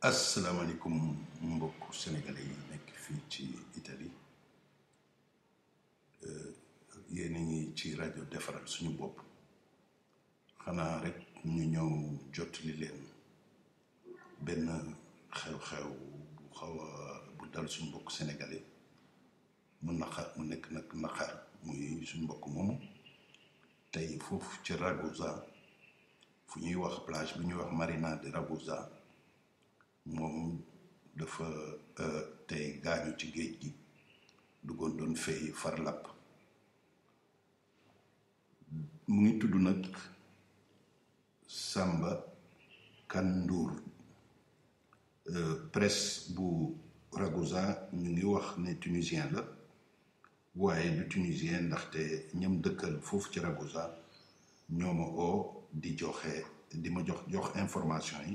السلام عليكم مبوك السنغالي نك في تي ايطالي ا يني تي راديو ديفرال سونو بوب خنا رك ني نيو جوت لي لين بن خاو خاو خاو بو دال سونو بوك سنغالي من نخا من نك نك نخار موي سونو بوك مومو تاي فوف تي راغوزا فني واخ بلاج بني واخ مارينا دي راغوزا moom dafa euh, tey gaañu ci géej gi duggoon doon fay farlapp mu ngi tudd nag Samba Kandour euh, presse bu Ragusa ñu ngi wax ne tunisien la waaye du tunisien ndaxte ñam dëkkal foofu ci Ragusa ñoo oo di di ma jox jox information yi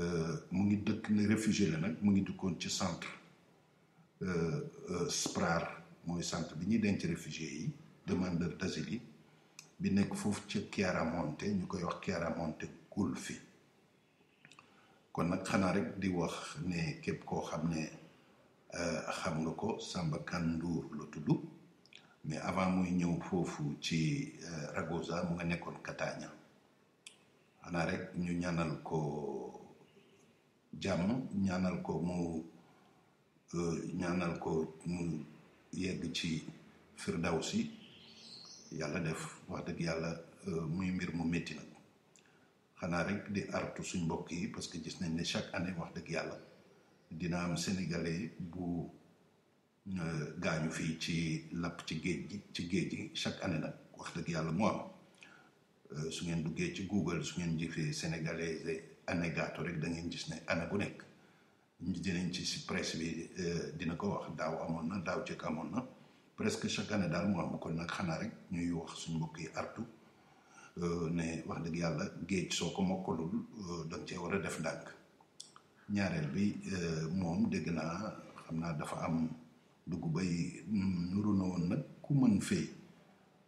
Euh, mu ngi dëkk ne réfugié la nag mu ngi dëkkoon ci centre euh, euh, SPRAR mooy centre bi ñuy denc réfugié yi demandeur d'asile yi bi nekk foofu ca Chiaramonte ñu koy wax Chiaramonte fi kon nag xanaa rek di wax ne képp koo xam ne xam nga ko Samba Kandour la tudd mais avant muy ñëw foofu ci ragosa mu nga nekkoon Catania xanaa rek ñu ñaanal ko jàmm ñaanal ko mu euh, ñaanal ko mu yegg ci si yàlla def wax dëgg yàlla euh, muy mbir mu métti nag xanaa rek di artu suñ mbokk yi parce que gis nañ ne chaque année wax dëgg yàlla dina am sénégalais bu euh, gaañu fii ci lapp ci géej gi ci géej gi chaque année nag wax dëgg yàlla mu am su ngeen duggee ci Google su ngeen jëfee sénégalais annégato rek da ngeen gis ne ana gu nekk dinañ ci si presse bi euh, dina ko wax daaw amoon na daaw ci amoon na presque chaque année daal mu am kon nag xanaa rek ñuy wax suñ mbokk yi artu euh, ne wax dëgg yàlla géej soo ko mokkalul euh, dang cee war a def ndànk ñaareel bi moom dégg naa xam naa dafa am dugg bay mm, nuru na woon nag ku mën fee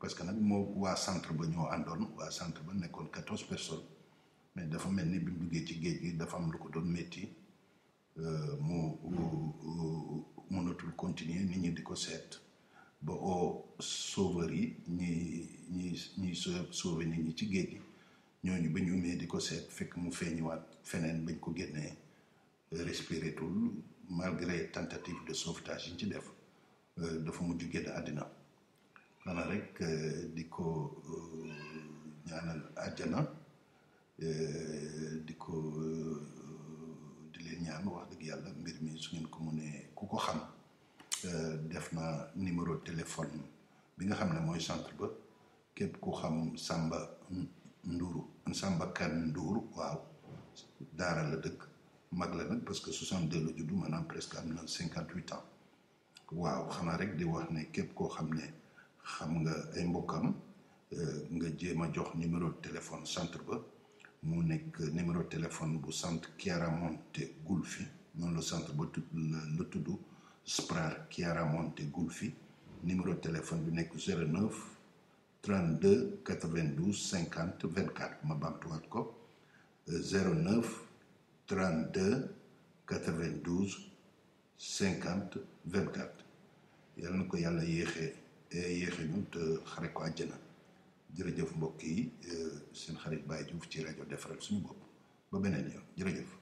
parce que nag moo waa centre ba ñoo àndoon waa centre ba nekkoon 14 personnes mais dafa mel ni bi mu duggee ci géej gi dafa am lu ko doon métti euh, mu mënatul continuer nit ñi di ko seet ba au sauveur yi ñi ñi ñiy sauver nit ñi ci géej gi ñooñu ba ñu umee di ko seet fekk mu feeñuwaat feneen bañ ko génnee respiré tul malgré tentative de sauvetage yi ñu ci def euh, dafa mujj génn àddina xanaa rek euh, di ko ñaanal àjjana di ko euh, di leen ñaan wax dëgg yàlla mbir mi su ngeen ko mënee ku ko xam euh, def na numéro téléphone bi nga xam ne mooy centre ba képp ku xam Samba Ndour Samba Kane Ndour waaw daara la dëkk mag la nag parce que 62 la juddu manaam presque am na 58 ans waaw xanaa rek di wax ne képp koo xam ne xam nga ay mbokkam euh, nga jéem a jox numéro téléphone centre ba. mu numéro numéro téléphone bu centre Chiaramonte Gulfi noonu le centre ba tudd la tudd Chiaramonte Gulfi numéro téléphone bi nekk 09 32 92 50 24 ma bamtuwaat ko 09 32 92 50 24 yàlla na ko yàlla yéexee eh, yéexe ñu xare ko àjjana jërëjëf mbokk yi eh, seen xarit Baye Diouf ci rajo defaral suñu bopp ba beneen yoon jërëjëf.